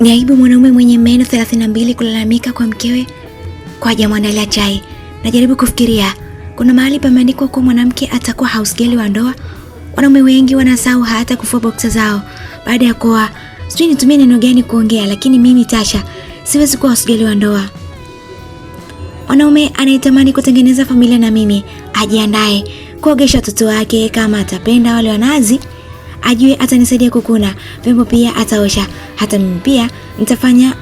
Ni aibu mwanaume mwenye meno 32 kulalamika kwa mkewe kwa jamwandalia chai. Najaribu kufikiria kuna mahali pameandikwa kuwa mwanamke atakuwa house girl wa ndoa. Wanaume wengi wanasahau hata kufua boksa zao baada ya kuoa. Sijui nitumie neno gani kuongea, lakini mimi Tasha siwezi kuwa house girl wa ndoa. Mwanaume anayetamani kutengeneza familia na mimi ajiandae kuogesha watoto wake kama atapenda wale wanazi ajue atanisaidia kukuna vyombo, pia ataosha, hata mimi pia nitafanya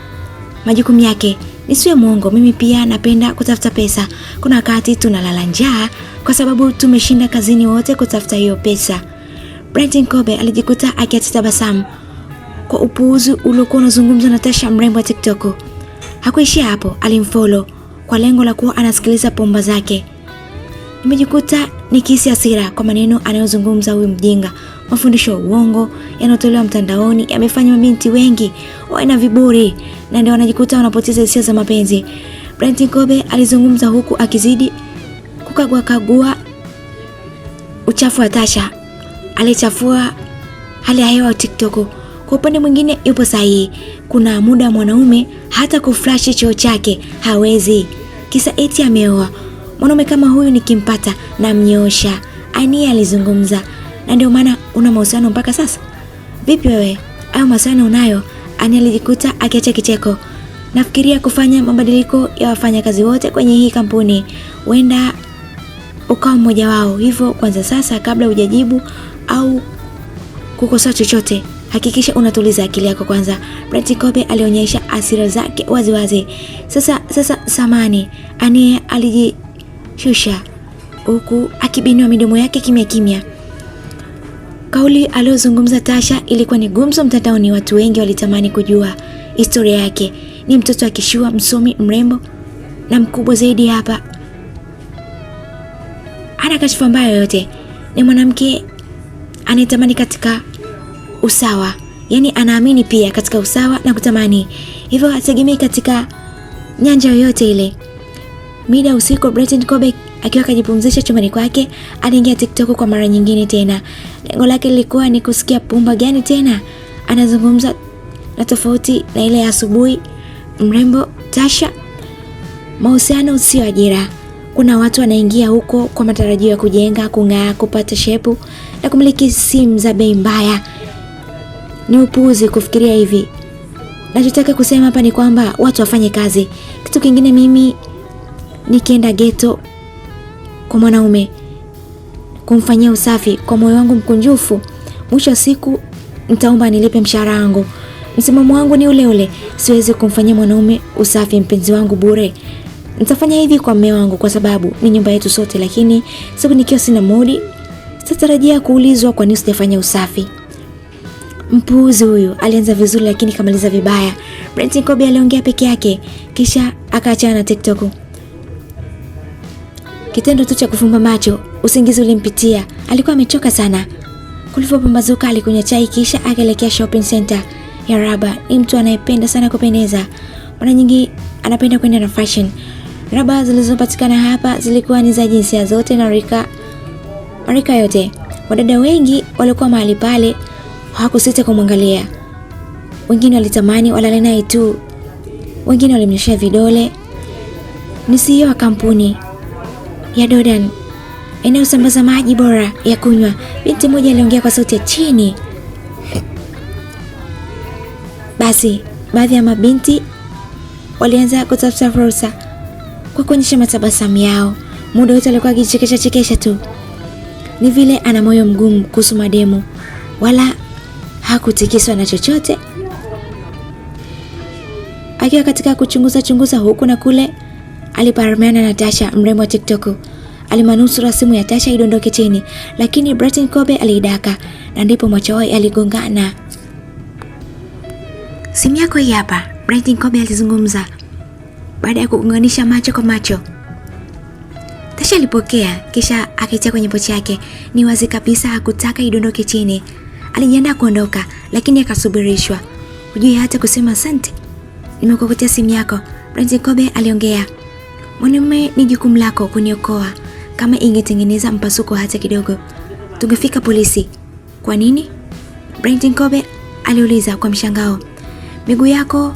majukumu yake. Nisiwe mwongo, mimi pia napenda kutafuta pesa. Kuna wakati tunalala njaa kwa sababu tumeshinda kazini wote kutafuta hiyo pesa. brentin Kobe alijikuta akiatitabasamu kwa upuuzi uliokuwa unazungumzwa na Tasha, mrembo wa TikTok. Hakuishia hapo, alimfolo kwa lengo la kuwa anasikiliza pomba zake. imejikuta Nikihisi hasira kwa maneno anayozungumza huyu mjinga. Mafundisho ya uongo yanayotolewa mtandaoni yamefanya mabinti wengi wawe na viburi na ndio wanajikuta wanapoteza hisia za mapenzi. Brent Kobe alizungumza huku akizidi kukagua kagua uchafu wa Tasha alichafua hali ya hewa TikTok. Kwa upande mwingine, yupo sahihi. Kuna muda mwanaume hata kuflashi choo chake hawezi, kisa eti ameoa. Mwanaume kama huyu nikimpata namnyoosha. Ania alizungumza, na ndio maana una mahusiano mpaka sasa? Vipi wewe, au mahusiano unayo? ani alijikuta akiacha kicheko. Nafikiria kufanya mabadiliko ya wafanyakazi wote kwenye hii kampuni, huenda ukawa mmoja wao. Hivyo kwanza, sasa kabla hujajibu au kukosoa chochote, hakikisha unatuliza akili yako kwanza. Brett Kobe alionyesha asira zake waziwazi Sasa sasa samani, Ania aliji shusha, huku akibinua midomo yake kimya kimya. Kauli aliyozungumza Tasha ilikuwa ni gumzo mtandaoni. Watu wengi walitamani kujua historia yake. Ni mtoto akishua, msomi, mrembo na mkubwa zaidi hapa, ana kashifa mbaya yoyote. Ni mwanamke anayetamani katika usawa, yaani anaamini pia katika usawa na kutamani, hivyo hategemei katika nyanja yoyote ile. Mida ya usiku, Brighton Kobe akiwa akajipumzisha chumbani kwake, anaingia TikTok kwa mara nyingine tena. Lengo lake lilikuwa ni kusikia pumba gani tena anazungumza na tofauti na ile ya asubuhi. Mrembo Tasha, mahusiano sio ajira. Kuna watu wanaingia huko kwa matarajio ya kujenga, kung'aa, kupata shepu na kumiliki simu za bei mbaya. Ni upuzi kufikiria hivi. Nachotaka kusema hapa ni kwamba watu wafanye kazi. Kitu kingine mimi nikienda geto kwa mwanaume kumfanyia usafi kwa moyo wangu mkunjufu, mwisho wa siku nitaomba nilipe mshahara wangu. Msimamo wangu ni ule ule, siwezi kumfanyia mwanaume usafi mpenzi wangu bure. Nitafanya hivi kwa mume wangu kwa sababu ni nyumba yetu sote, lakini siku nikiwa sina mudi, sitatarajia kuulizwa kwa nini sijafanya usafi. Mpuuzi huyu alianza vizuri, lakini kamaliza vibaya. Brent Kobe aliongea peke yake, kisha akaachana na TikTok. Kitendo tu cha kufumba macho, usingizi ulimpitia. Alikuwa amechoka sana. Kulipopambazuka alikunywa chai kisha akaelekea shopping center. ya Raba. ni mtu anayependa sana kupendeza. Mara nyingi anapenda kwenda na fashion. Raba zilizopatikana hapa zilikuwa ni za jinsia zote na rika marika yote. Wadada wengi walikuwa mahali pale hawakusita kumwangalia. Wengine walitamani walale naye tu, wengine walimnyoshea vidole. Ni CEO wa kampuni ya Dodan inayosambaza maji bora ya kunywa, binti mmoja aliongea kwa sauti ya chini. Basi baadhi ya mabinti walianza kutafuta fursa kwa kuonyesha matabasamu yao. Muda wote alikuwa akichekesha chekesha tu, ni vile ana moyo mgumu kuhusu mademu, wala hakutikiswa na chochote. Akiwa katika kuchunguza chunguza huku na kule, aliparamiana na Tasha, mrembo wa TikTok. Alimanusura simu ya Tasha idondoke chini, lakini Bratin Kobe aliidaka na ndipo macho Mwachowai aligongana. Simu yako hii hapa, Bratin Kobe alizungumza baada ya kuunganisha macho kwa macho. Tasha alipokea kisha akaitia kwenye pochi yake. Ni wazi kabisa hakutaka idondoke chini. Alijiandaa kuondoka lakini akasubirishwa. Hujui hata kusema asante, nimekukutia simu yako, Bratin Kobe aliongea mwanaume ni jukumu lako kuniokoa. Kama ingetengeneza mpasuko hata kidogo, tungefika polisi. Kwa nini? Brenton Kobe aliuliza kwa mshangao. Miguu yako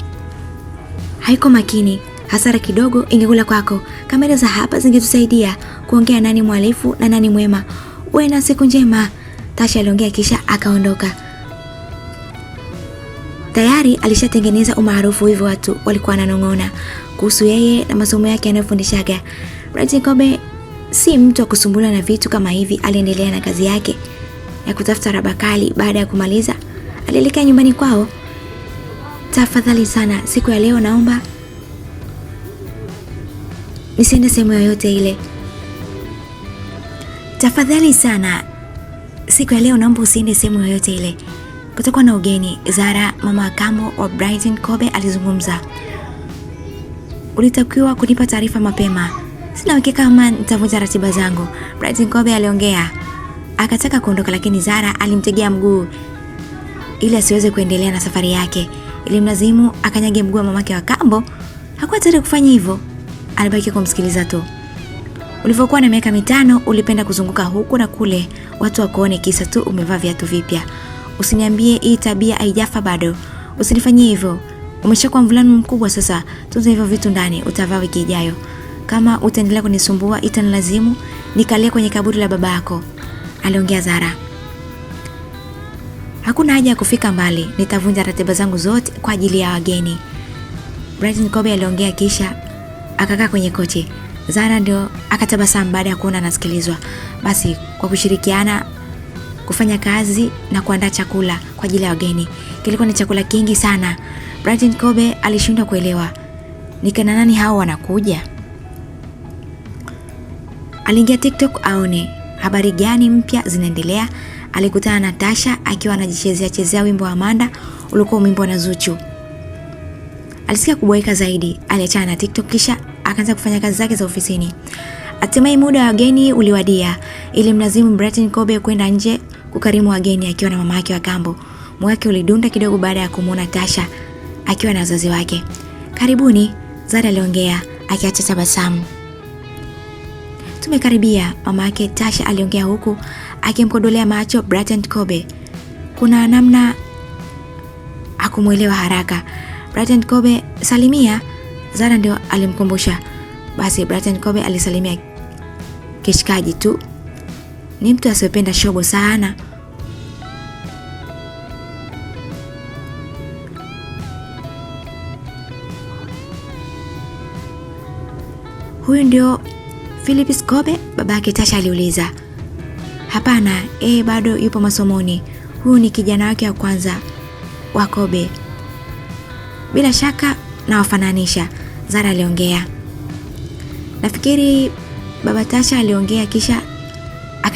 haiko makini, hasara kidogo ingekula kwako. Kamera za hapa zingetusaidia kuongea nani mwalifu na nani mwema. Uwe na siku njema, Tasha aliongea kisha akaondoka. Tayari alishatengeneza umaarufu, hivyo watu walikuwa wananong'ona kuhusu yeye na masomo yake yanayofundishaga. Bright Kobe si mtu wa kusumbuliwa na vitu kama hivi. Aliendelea na kazi yake ya kutafuta raba kali. Baada ya kumaliza, alielekea nyumbani kwao. Tafadhali sana, siku ya leo naomba nisiende sehemu yoyote ile. Tafadhali sana, siku ya leo naomba usiende sehemu yoyote ile. Kutakuwa na ugeni. Zara, mama wa kambo wa Brighton Kobe, alizungumza. Ulitakiwa kunipa taarifa mapema. Sina uhakika kama nitavunja ratiba zangu, Brighton Kobe aliongea. Akataka kuondoka, lakini Zara alimtegea mguu ili asiweze kuendelea na safari yake. Ilimlazimu akanyage mguu wa mamake wa kambo. Hakuwa tayari kufanya hivyo, alibaki kumsikiliza tu. Ulivyokuwa na miaka mitano, ulipenda kuzunguka huku na kule, watu wakuone kisa tu umevaa viatu vipya. Usiniambie hii tabia haijafa bado. Usinifanyie hivyo. Umeshakuwa mvulano mkubwa sasa, tunza hivyo vitu ndani, utavaa wiki ijayo. Kama utaendelea kunisumbua lazimu nikalia kwenye kaburi la baba yako, aliongea Zara. Hakuna haja ya kufika mbali, nitavunja ratiba zangu zote kwa ajili ya wageni, Brighton Kobe aliongea, kisha akakaa kwenye kochi. Zara ndio akatabasamu baada ya kuona anasikilizwa. Basi kwa kushirikiana kufanya kazi na kuandaa chakula kwa ajili ya wageni. Kilikuwa ni chakula kingi sana. Brighton Kobe alishindwa kuelewa ni kina nani hao wanakuja. Aliingia TikTok aone habari gani mpya zinaendelea. Alikutana na Tasha akiwa anajichezea chezea wimbo wa Amanda ulikuwa wimbo na Zuchu. Alisikia kuboeka zaidi, aliachana na TikTok kisha akaanza kufanya kazi zake za ofisini. Hatimaye muda wa wageni uliwadia, ili mlazimu Brighton Kobe kwenda nje kukarimu wageni akiwa na mama yake wa kambo. Moyo wake ulidunda kidogo baada ya kumwona Tasha akiwa na wazazi wake. Karibuni, zara aliongea akiacha tabasamu. Tumekaribia, mama yake Tasha aliongea huku akimkodolea macho Bratton Kobe. Kuna namna hakumwelewa haraka. Bratton Kobe, salimia, Zara ndio alimkumbusha. Basi Bratton Kobe alisalimia kishikaji tu ni mtu asiyependa shobo sana. Huyu ndio Philip Scobe? yake Tasha aliuliza. Hapana, yeye bado yupo masomoni. Huyu ni kijana wake wa kwanza wa Kobe. Bila shaka nawafananisha, Zara aliongea. Nafikiri baba Tasha aliongea kisha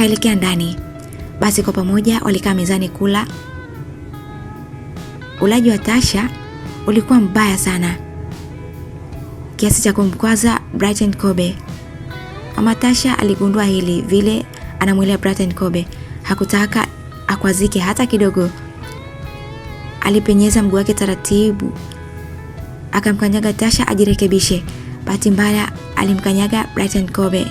akaelekea ndani. Basi kwa pamoja walikaa mezani kula. Ulaji wa Tasha ulikuwa mbaya sana kiasi cha kumkwaza Brighton Kobe. Mama Tasha aligundua hili vile anamwelea Brighton Kobe, hakutaka akwazike hata kidogo. Alipenyeza mguu wake taratibu, akamkanyaga Tasha ajirekebishe. Bahati mbaya alimkanyaga Brighton Kobe.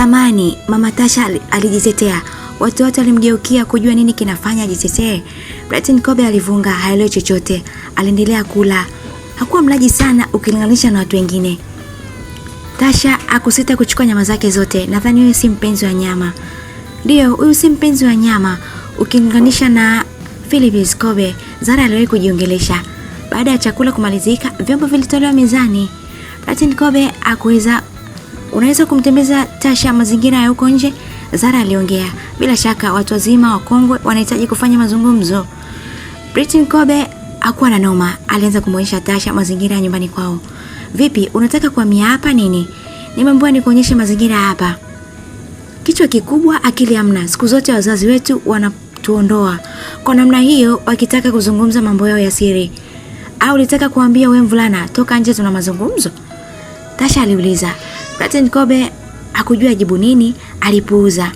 Zamani mama Tasha alijitetea. Watu wote walimgeukia kujua nini kinafanya ajitetee. Bratin Kobe alivunga, haelewi chochote. Aliendelea kula. Hakuwa mlaji sana ukilinganisha na watu wengine. Tasha akusita kuchukua nyama zake zote. Nadhani huyu si mpenzi wa nyama. Ndio, huyu si mpenzi wa nyama ukilinganisha na Philip Kobe. Zara aliwahi kujiongelesha. Baada ya chakula kumalizika, vyombo vilitolewa mezani. Bratin Kobe akuweza unaweza kumtembeza Tasha mazingira ya huko nje? Zara aliongea. Bila shaka watu wazima wakongwe wanahitaji kufanya mazungumzo. Britain Kobe hakuwa na noma, alianza kumwonyesha Tasha mazingira ya nyumbani kwao. Vipi, unataka kuhamia hapa nini? Nimeambiwa nikuonyeshe mazingira hapa. Kichwa kikubwa, akili hamna. Siku zote wazazi wetu wanatuondoa kwa namna hiyo, wakitaka kuzungumza mambo yao ya siri. Au litaka kuambia we mvulana, toka nje, tuna mazungumzo? Tasha aliuliza. Captain Kobe hakujua jibu nini, alipuuza.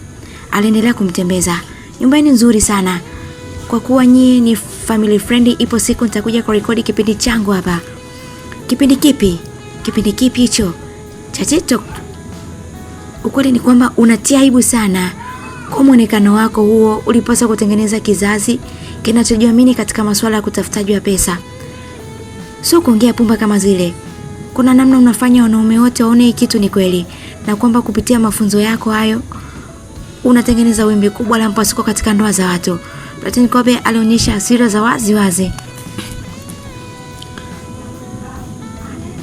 Aliendelea kumtembeza. Nyumba ni nzuri sana. Kwa kuwa nyie ni family friendly, ipo siku nitakuja rekodi kipindi changu hapa. Kipindi kipi? Kipindi kipi hicho? Cha TikTok. Ukweli ni kwamba unatia aibu sana. Kwa mwonekano wako huo, ulipaswa kutengeneza kizazi kinachojiamini katika masuala ya utafutaji wa pesa, sio kuongea pumba kama zile. Kuna namna unafanya wanaume wote waone hii kitu ni kweli, na kwamba kupitia mafunzo yako hayo unatengeneza wimbi kubwa la mpasuko katika ndoa za watu. Platini Kobe alionyesha hasira za wazi wazi.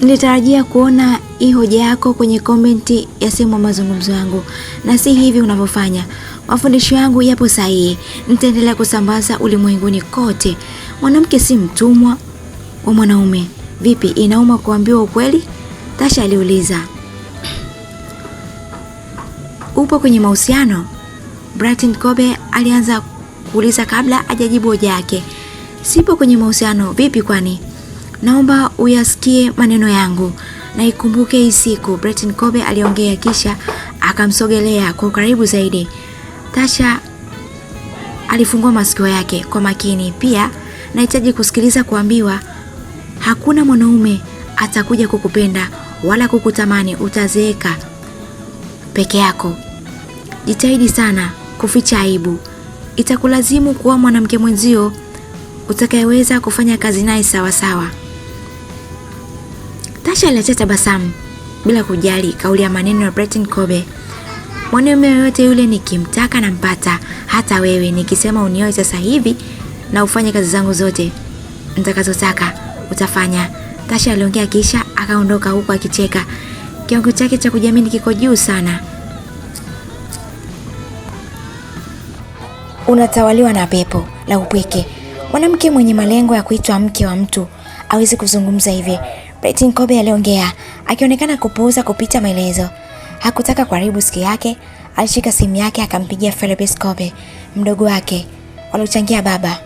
Nilitarajia kuona hii hoja yako kwenye komenti ya sehemu ya mazungumzo yangu, na si hivi unavyofanya. Mafundisho yangu yapo sahihi, nitaendelea kusambaza ulimwenguni kote. Mwanamke si mtumwa wa mwanaume. Vipi, inauma kuambiwa ukweli? Tasha aliuliza. Upo kwenye mahusiano? Bratin Kobe alianza kuuliza kabla hajajibu hoja yake. Sipo kwenye mahusiano. Vipi kwani? Naomba uyasikie maneno yangu na ikumbuke hii siku, Bratin Kobe aliongea, kisha akamsogelea kwa karibu zaidi. Tasha alifungua masikio yake kwa makini. Pia nahitaji kusikiliza kuambiwa Hakuna mwanaume atakuja kukupenda wala kukutamani, utazeeka peke yako. Jitahidi sana kuficha aibu, itakulazimu kuwa mwanamke mwenzio utakayeweza kufanya kazi naye sawasawa. Tasha aliachia tabasamu bila kujali kauli ya maneno ya Breton Kobe. Mwanaume yoyote yule nikimtaka nampata, hata wewe nikisema unioe sasa hivi na ufanye kazi zangu zote nitakazotaka utafanya. Tasha aliongea kisha akaondoka huku akicheka. Kiwango chake cha kujiamini kiko juu sana. Unatawaliwa na pepo la upweke. Mwanamke mwenye malengo ya kuitwa mke wa mtu hawezi kuzungumza hivi. Brighton Kobe aliongea akionekana kupuuza kupita maelezo. Hakutaka kuharibu siku yake. Alishika simu yake akampigia Felix Kobe, mdogo wake waliochangia baba.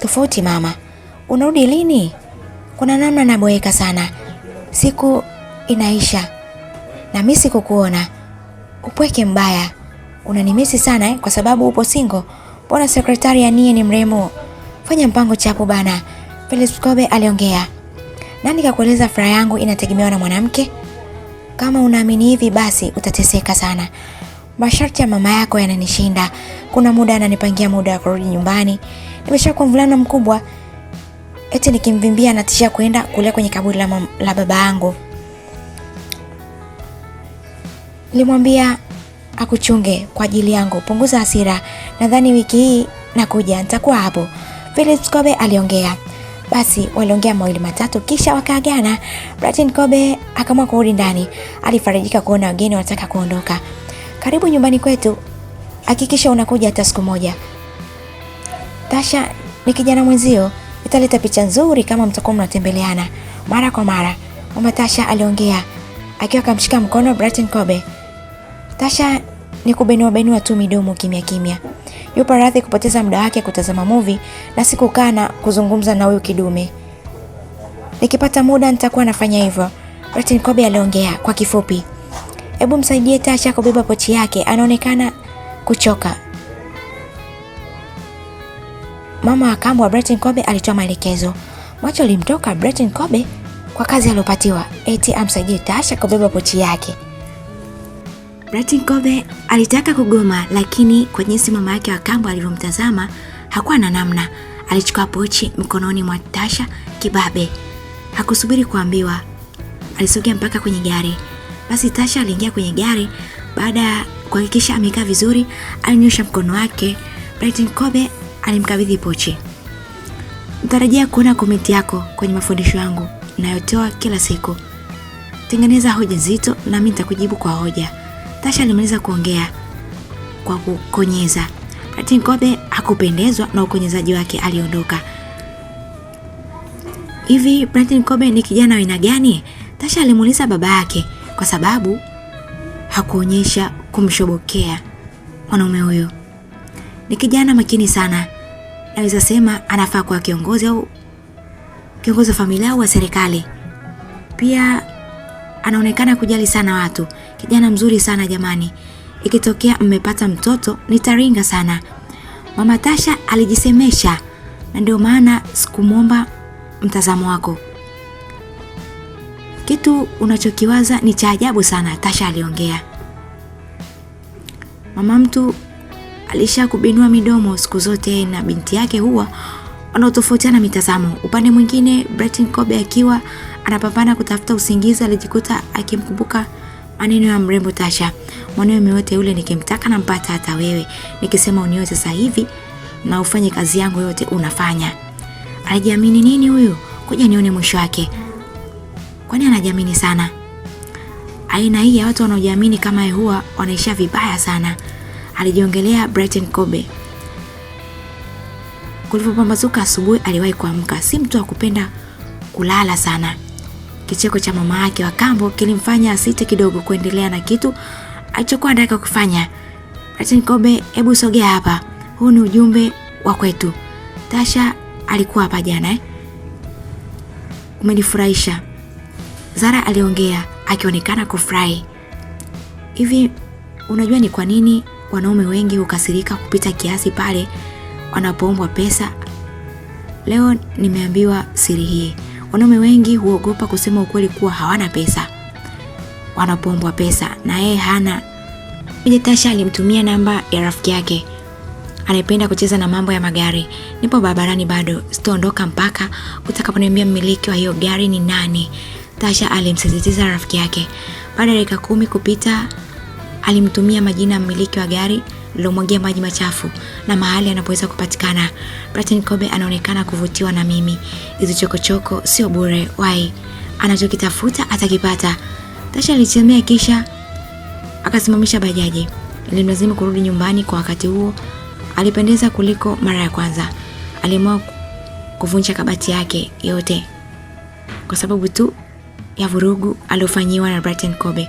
Tofauti mama, unarudi lini? kuna namna naboeka sana, siku inaisha na mimi sikukuona. Upweke mbaya unanimisi sana eh, kwa sababu upo singo Mbona sekretari ya nie ni mrembo? Fanya mpango chapo bana, Felix Kobe aliongea. Nani kakueleza furaha yangu inategemewa na mwanamke? Kama unaamini hivi basi utateseka sana. Masharti ya mama yako yananishinda. Kuna muda ananipangia muda wa kurudi nyumbani. Nimeshakuwa mvulana mkubwa, eti nikimvimbia anatishia kuenda kulia kwenye kaburi la, la baba yangu. Nilimwambia akuchunge kwa ajili yangu, punguza hasira. Nadhani wiki hii nakuja, nitakuwa hapo. Felix Kobe aliongea. Basi waliongea mawili matatu, kisha wakaagana. Bratin Kobe akaamua kurudi ndani. Alifarijika kuona wageni wanataka kuondoka. Karibu nyumbani kwetu, hakikisha unakuja hata siku moja. Tasha ni kijana mwenzio italeta picha nzuri kama mtakuwa mnatembeleana mara kwa mara, mama Tasha aliongea akiwa akamshika mkono Bratin Kobe. Tasha ni kubenua benua tu midomo kimya kimya, yupo radhi kupoteza muda wake kutazama movie na sikukaa na kuzungumza na huyu kidume. Nikipata muda nitakuwa nafanya hivyo, Bratin Kobe aliongea kwa kifupi. Hebu msaidie Tasha kubeba pochi yake, anaonekana kuchoka. Mama wa kambo wa Breton Kobe alitoa maelekezo. Macho alimtoka Breton Kobe kwa kazi aliyopatiwa, eti amsaidie Tasha kubeba pochi yake. Breton Kobe alitaka kugoma, lakini kwa jinsi mama yake wa kambo alivyomtazama hakuwa na namna. Alichukua pochi mkononi mwa Tasha kibabe, hakusubiri kuambiwa, alisogea mpaka kwenye gari. Basi Tasha aliingia kwenye gari. Baada ya kuhakikisha amekaa vizuri, alinyosha mkono wake. Breton Kobe alimkabidhi pochi. Natarajia kuona komenti yako kwenye mafundisho yangu nayotoa kila siku. Tengeneza hoja nzito na mimi nitakujibu kwa hoja. Tasha alimaliza kuongea kwa kukonyeza. Latin Kobe hakupendezwa na ukonyezaji wake, aliondoka. Hivi Latin Kobe ni kijana wa aina gani? Tasha alimuuliza baba yake kwa sababu hakuonyesha kumshobokea mwanaume huyo. Ni kijana makini sana naweza sema anafaa kuwa kiongozi au kiongozi wa familia au wa serikali. Pia anaonekana kujali sana watu, kijana mzuri sana jamani. Ikitokea mmepata mtoto nitaringa sana. Mama Tasha alijisemesha, na ndio maana sikumwomba mtazamo wako. Kitu unachokiwaza ni cha ajabu sana, Tasha aliongea. Mama mtu alisha kubinua midomo siku zote na binti yake huwa wanaotofautiana mitazamo. Upande mwingine, Brighton Kobe akiwa anapambana kutafuta usingizi alijikuta akimkumbuka maneno ya mrembo Tasha, mwanaume yote yule nikimtaka nampata, hata wewe nikisema unioe sasa hivi na ufanye kazi yangu yote unafanya. Anajiamini nini huyu? Kuja nione mwisho wake. Kwani anajiamini sana? Aina hii ya watu wanaojiamini kama yeye huwa wanaisha vibaya sana alijiongelea Brighton Kobe. Kulipopambazuka asubuhi, aliwahi kuamka. Si mtu wa kupenda kulala sana. Kicheko cha mama yake wa kambo kilimfanya asite kidogo kuendelea na kitu alichokuwa anataka kufanya. Brighton Kobe, hebu sogea hapa, huu ni ujumbe wa kwetu. Tasha alikuwa hapa jana eh? Umenifurahisha, Zara aliongea akionekana kufurahi. Hivi unajua ni kwa nini Wanaume wengi hukasirika kupita kiasi pale wanapoombwa pesa. Leo nimeambiwa siri hii. Wanaume wengi huogopa kusema ukweli kuwa hawana pesa wanapoombwa pesa, na yeye hana. Bijetasha alimtumia namba ya rafiki yake anayependa kucheza na mambo ya magari. Nipo barabarani bado, sitoondoka mpaka utakaponiambia mmiliki wa hiyo gari ni nani, Tasha alimsisitiza rafiki yake. Baada ya dakika kumi kupita Alimtumia majina mmiliki wa gari lilomwagia maji machafu na mahali anapoweza kupatikana. Brighton Kobe anaonekana kuvutiwa na mimi. Hizo chokochoko sio bure wai, anachokitafuta atakipata. Tasha alichemea kisha akasimamisha bajaji. Ilimlazimu kurudi nyumbani kwa wakati huo. Alipendeza kuliko mara ya kwanza. Aliamua kuvunja kabati yake yote kwa sababu tu ya vurugu aliyofanyiwa na Brighton Kobe.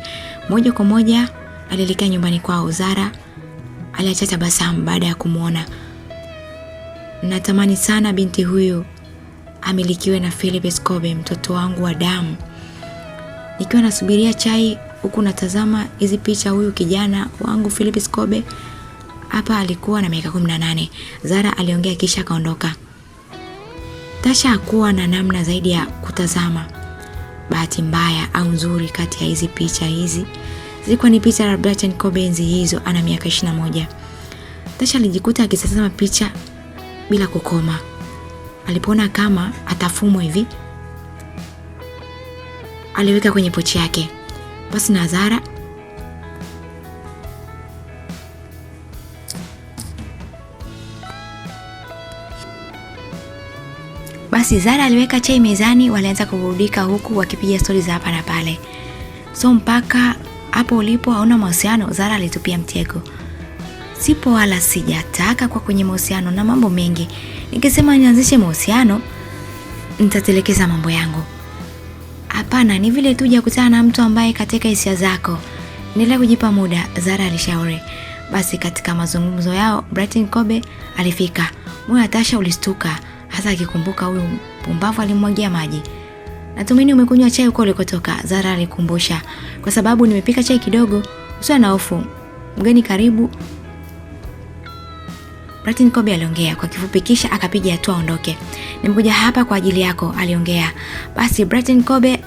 Moja kwa moja Alielekea nyumbani kwao. Zara aliacha tabasamu baada ya kumwona. Natamani sana binti huyu amilikiwe na Philip Escobe, mtoto wangu wa damu. Nikiwa nasubiria chai huku natazama hizi picha, huyu kijana wangu Philip Escobe hapa alikuwa na miaka 18. Zara aliongea kisha akaondoka. Tasha hakuwa na namna zaidi ya kutazama, bahati mbaya au nzuri, kati ya hizi picha hizi zilikuwa ni picha la Brighton Cobenzi hizo, ana miaka 21. Tasha alijikuta akitazama picha bila kukoma. Alipoona kama atafumwa hivi, aliweka kwenye pochi yake basi na zara Basi Zara aliweka chai mezani, walianza kuburudika huku wakipiga stori za hapa na pale, so mpaka hapo ulipo hauna mahusiano, Zara alitupia mtego. Sipo wala sijataka kwa kwenye mahusiano na mambo mengi. Nikisema nianzishe mahusiano nitatelekeza mambo yangu. Hapana, ni vile tu jakutana na mtu ambaye katika hisia zako. Endelea kujipa muda, Zara alishauri. Basi katika mazungumzo yao Brighton Kobe alifika. Moyo wa Tasha ulistuka hasa akikumbuka huyu pumbavu alimwagia maji. Natumaini umekunywa chai huko ulikotoka, Zara alikumbusha. Kwa sababu nimepika chai kidogo, usiwe na hofu. Mgeni karibu. Martin Kobe aliongea kwa kifupi kisha akapiga hatua aondoke. Nimekuja hapa kwa ajili yako, aliongea. Basi Martin Kobe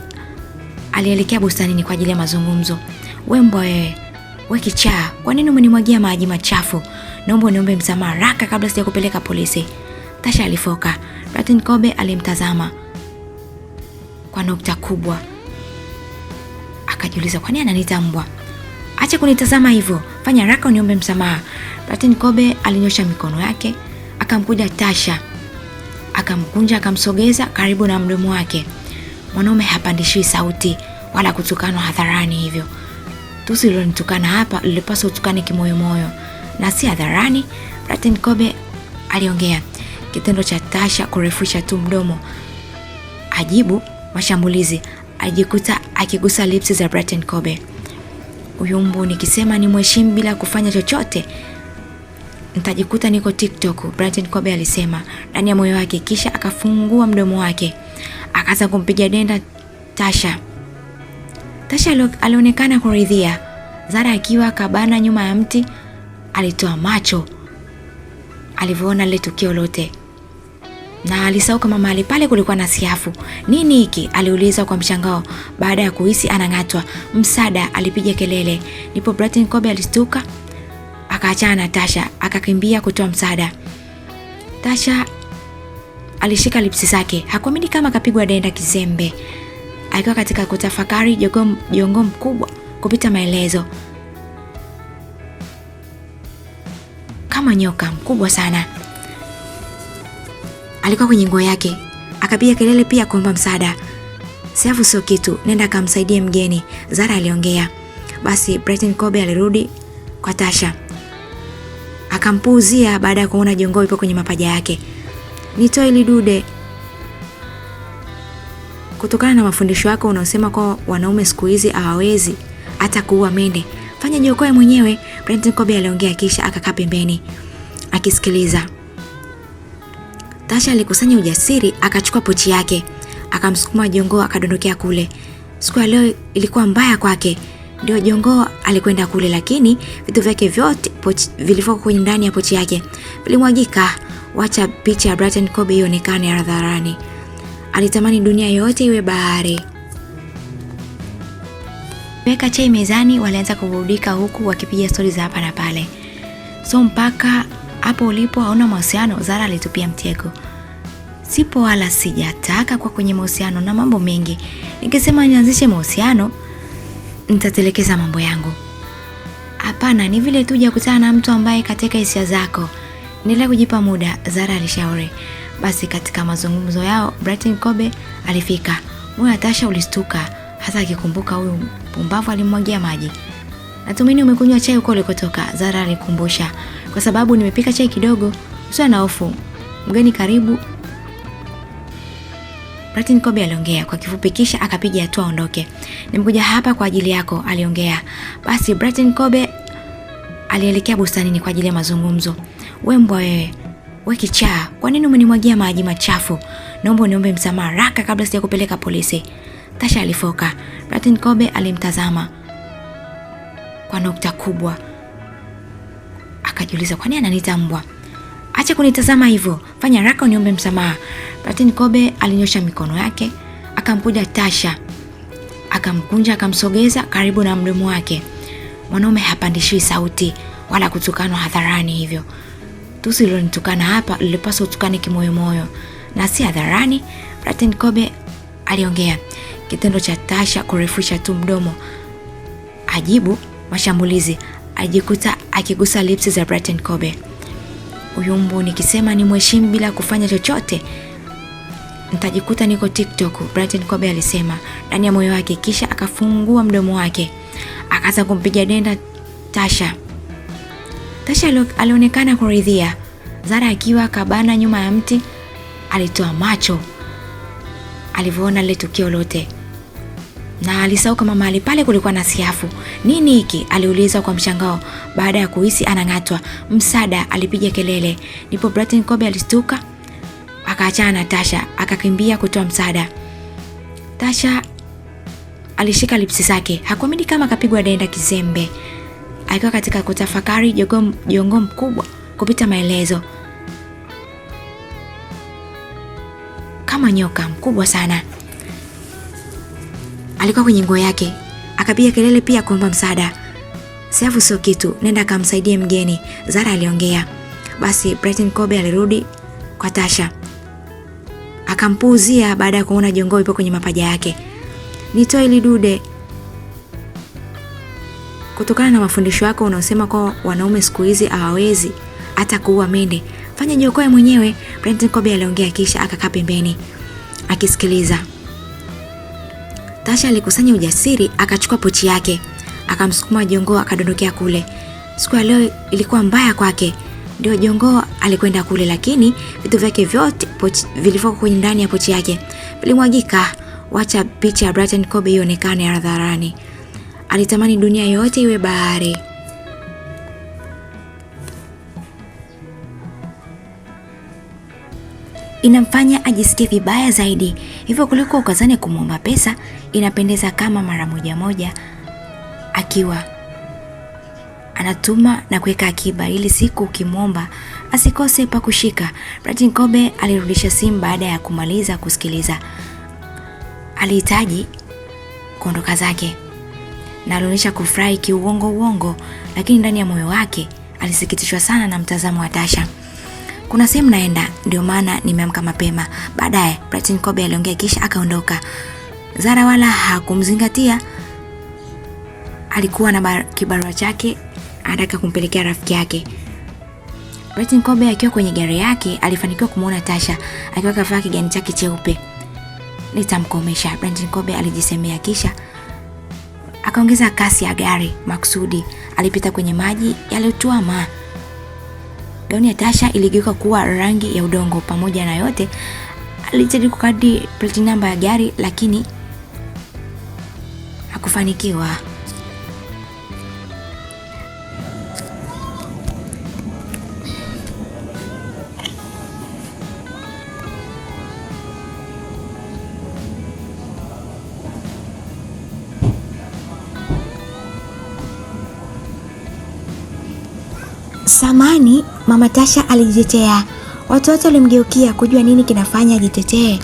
alielekea bustanini kwa ajili ya mazungumzo. We mbwa wewe, we kichaa, kwa nini umenimwagia maji machafu? Naomba uniombe msamaha haraka kabla sijakupeleka polisi. Tasha alifoka. Martin Kobe alimtazama kwa nukta kubwa. Akajiuliza, kwa nini ananiita mbwa? Acha kunitazama hivyo, fanya haraka uniombe msamaha. Latin Kobe alinyosha mikono yake, akamkuja Tasha, akamkunja, akamsogeza karibu na mdomo wake. Mwanaume hapandishiwi sauti wala kutukanwa hadharani hivyo. Tusi lilonitukana hapa lilipaswa utukane kimoyomoyo na si hadharani, Latin Kobe aliongea. Kitendo cha Tasha kurefusha tu mdomo ajibu mashambulizi ajikuta akigusa lips za Brighton Kobe. Huyu mbu nikisema ni mheshimu bila kufanya chochote nitajikuta niko TikTok, Brighton Kobe alisema ndani ya moyo wake, kisha akafungua mdomo wake akaanza kumpiga denda Tasha. Tasha alionekana kuridhia. Zara akiwa kabana nyuma ya mti alitoa macho alivyoona lile tukio lote na alisahau kama mahali pale kulikuwa na siafu. Nini hiki? aliuliza kwa mshangao baada ya kuhisi anang'atwa. Msaada, alipiga kelele. Ndipo Bratin Kobe alistuka akaachana na Tasha akakimbia kutoa msaada. Tasha alishika lipsi zake, hakuamini kama kapigwa denda kizembe, akiwa katika kutafakari jongo mkubwa kupita maelezo, kama nyoka mkubwa sana alikuwa kwenye nguo yake, akapiga kelele pia kuomba msaada. Siafu sio kitu, nenda akamsaidie mgeni, Zara aliongea. Basi Brighton Kobe alirudi kwa Tasha akampuuzia baada ya kuona jongoo ipo kwenye mapaja yake. nitoa ili dude, kutokana na mafundisho yako unaosema kwa wanaume siku hizi hawawezi hata kuua mende, fanya jiokoe mwenyewe, Brighton Kobe aliongea, kisha akakaa pembeni akisikiliza. Tasha alikusanya ujasiri, akachukua pochi yake, akamsukuma Jongoo akadondokea kule. Siku ya leo ilikuwa mbaya kwake. Ndio Jongoo alikwenda kule, lakini vitu vyake vyote vilivyokuwa kwenye ndani ya pochi yake vilimwagika, wacha picha ya Brighton Kobe ionekane hadharani. Alitamani dunia yote iwe bahari. Weka chai mezani, walianza kuburudika huku wakipiga stori za hapa na pale, so mpaka hapo ulipo hauna mahusiano, Zara alitupia mtego. Sipo wala sijataka kwa kwenye mahusiano na mambo mengi. Nikisema nianzishe mahusiano nitatelekeza mambo yangu. Hapana, ni vile tu hujakutana na mtu ambaye katika hisia zako. Niendelea kujipa muda, Zara alishauri. Basi katika mazungumzo yao Brighton Kobe alifika. Moyo wa Tasha ulistuka hasa akikumbuka huyu pumbavu alimwagia maji. Natumaini umekunywa chai huko ulikotoka, Zara alikumbusha kwa sababu nimepika chai kidogo, usiwe na hofu. Mgeni karibu. Martin Kobe aliongea kwa kifupi kisha akapiga hatua aondoke. Nimekuja hapa kwa ajili yako, aliongea. Basi Martin Kobe alielekea bustanini kwa ajili ya mazungumzo. We mbwa wewe, we kichaa, kwa nini umenimwagia maji machafu? Naomba uniombe msamaha haraka kabla sija kupeleka polisi. Tasha alifoka. Martin Kobe alimtazama kwa nukta kubwa. Akajiuliza, kwani ananiita mbwa? Acha kunitazama hivyo, fanya haraka uniombe msamaha. Platini Kobe alinyosha mikono yake, akampuja Tasha, akamkunja, akamsogeza karibu na mdomo wake. Mwanaume hapandishiwi sauti wala kutukanwa hadharani hivyo. Tusi lilonitukana hapa lilipaswa utukane kimoyomoyo na si hadharani, Platini Kobe aliongea. Kitendo cha Tasha kurefusha tu mdomo ajibu mashambulizi ajikuta akigusa lipsi za Brighton Kobe. Huyu mbu nikisema ni mheshimu bila kufanya chochote nitajikuta niko TikTok, Brighton Kobe alisema ndani ya moyo wake, kisha akafungua mdomo wake akaanza kumpiga denda Tasha. Tasha alionekana kuridhia. Zara akiwa kabana nyuma ya mti alitoa macho alivyoona lile tukio lote na alisahau kama mahali pale kulikuwa na siafu. Nini hiki? aliuliza kwa mshangao baada ya kuhisi anang'atwa. Msaada, alipiga kelele. Ndipo Bratin Kobe alistuka akaachana na Tasha akakimbia kutoa msaada. Tasha alishika lipsi zake, hakuamini kama akapigwa denda kizembe, akiwa katika kutafakari jongo mkubwa kupita maelezo, kama nyoka mkubwa sana alikuwa kwenye nguo yake, akapiga kelele pia kuomba msaada. Sefu sio kitu, nenda akamsaidie mgeni, Zara aliongea. Basi Brighton Kobe alirudi kwa Tasha akampuuzia baada ya kuona jongo ipo kwenye mapaja yake. Nitoe ili dude, kutokana na mafundisho yako unaosema kwa wanaume siku hizi hawawezi hata kuua mende, fanya jiokoe mwenyewe, Brighton Kobe aliongea, kisha akakaa pembeni akisikiliza. Tasha alikusanya ujasiri, akachukua pochi yake, akamsukuma Jongoo akadondokea kule. Siku ya leo ilikuwa mbaya kwake. Ndio Jongoo alikwenda kule, lakini vitu vyake vyote vilivyoko kwenye ndani ya pochi yake vilimwagika, wacha picha ya Brighton Kobe ionekane hadharani. Alitamani dunia yote iwe bahari. inamfanya ajisikie vibaya zaidi. Hivyo kuliko ukazani kumwomba pesa, inapendeza kama mara moja moja akiwa anatuma na kuweka akiba ili siku ukimwomba asikose pa kushika. Bratin Kobe alirudisha simu baada ya kumaliza kusikiliza. Alihitaji kuondoka zake na alionyesha kufurahi kiuongo uongo, lakini ndani ya moyo wake alisikitishwa sana na mtazamo wa Tasha kuna sehemu naenda, ndio maana nimeamka mapema. Baadaye bratin Kobe aliongea kisha akaondoka. Zara wala hakumzingatia, alikuwa na kibarua chake anataka kumpelekea rafiki yake. bratin Kobe akiwa kwenye gari yake alifanikiwa kumwona Tasha akiwa kavaa kigani chake cheupe. Nitamkomesha, bratin Kobe alijisemea, kisha akaongeza kasi ya gari maksudi. Alipita kwenye maji yaliyotuama. Gauni ya Tasha iligeuka kuwa rangi ya udongo. Pamoja na yote, alijaribu kukadi plate namba ya gari lakini hakufanikiwa. Samani Mama Tasha alijitetea. Watu wote walimgeukia kujua nini kinafanya ajitetee.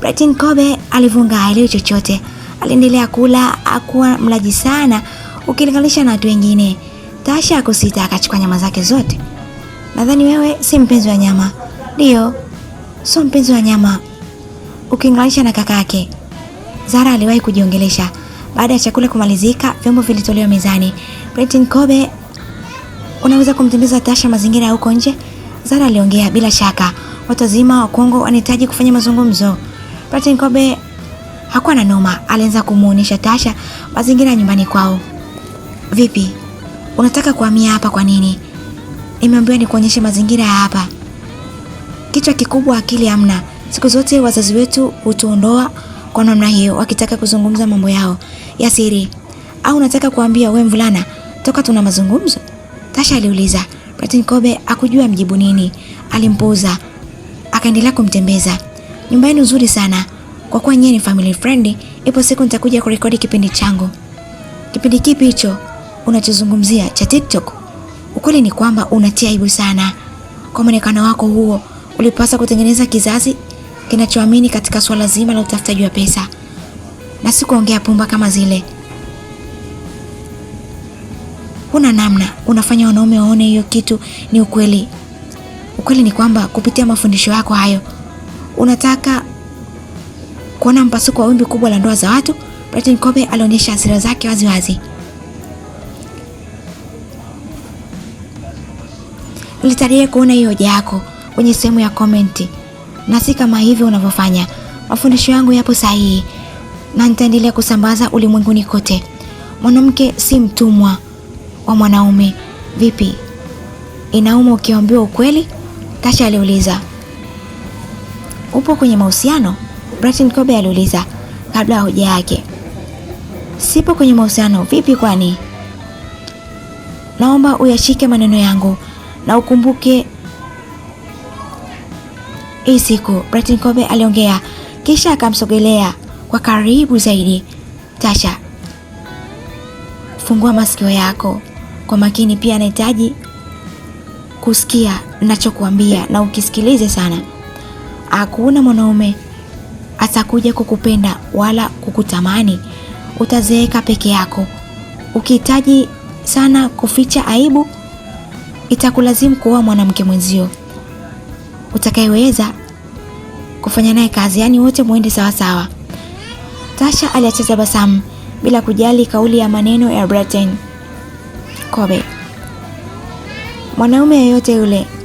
Bratin Kobe alivunga haelewi chochote. Aliendelea kula, akuwa mlaji sana ukilinganisha na watu wengine. Tasha akusita akachukua nyama zake zote. Nadhani wewe si mpenzi wa nyama. Ndio. Sio mpenzi wa nyama. Ukilinganisha na kakake. Zara aliwahi kujiongelesha. Baada ya chakula kumalizika, vyombo vilitolewa mezani. Bratin Kobe unaweza kumtembeza Tasha mazingira ya huko nje? Zara aliongea. Bila shaka watu wazima wa Kongo wanahitaji kufanya mazungumzo. Patrick Kobe hakuwa na noma, alianza kumuonesha Tasha mazingira ya nyumbani kwao. Vipi, unataka kuhamia hapa kwa nini? Nimeambiwa nikuonyeshe mazingira ya hapa. Kichwa kikubwa, akili hamna. Siku zote wazazi wetu hutuondoa kwa namna hiyo, wakitaka kuzungumza mambo yao ya siri. Au unataka kuambia we mvulana, toka tuna mazungumzo? Tasha aliuliza. Martin Kobe akujua mjibu nini, alimpuuza akaendelea kumtembeza. Nyumbani uzuri sana kwa kuwa nyie ni family friend. Ipo siku nitakuja kurekodi kipindi changu. Kipindi kipi hicho unachozungumzia cha TikTok? Ukweli ni kwamba unatia aibu sana. Kwa mwonekano wako huo, ulipaswa kutengeneza kizazi kinachoamini katika swala zima la utafutaji wa pesa na si kuongea pumba kama zile huna namna, unafanya wanaume waone hiyo kitu ni ukweli. Ukweli ni kwamba kupitia mafundisho yako hayo unataka kuona mpasuko wa wimbi kubwa la ndoa za watu. Brighton Kobe alionyesha hasira zake waziwazi. Nilitarajia kuona hiyo hoja yako kwenye sehemu ya komenti, na si kama hivyo unavyofanya. Mafundisho yangu yapo sahihi na nitaendelea kusambaza ulimwenguni kote. Mwanamke si mtumwa wa mwanaume. Vipi, inauma ukiambiwa ukweli? Tasha aliuliza. Upo kwenye mahusiano? Bratin Kobe aliuliza kabla ya hoja yake. Sipo kwenye mahusiano. Vipi kwani? Naomba uyashike maneno yangu na ukumbuke hii siku, Bratin Kobe aliongea, kisha akamsogelea kwa karibu zaidi. Tasha, fungua masikio yako kwa makini, pia anahitaji kusikia nachokuambia na ukisikilize sana. Hakuna mwanaume atakuja kukupenda wala kukutamani, utazeeka peke yako. Ukihitaji sana kuficha aibu, itakulazimu kuoa mwanamke mwenzio utakayeweza kufanya naye kazi, yaani wote muende sawasawa. Tasha aliacheza tabasamu bila kujali kauli ya maneno ya Bratten. Kobe. Mwanaume yeyote yule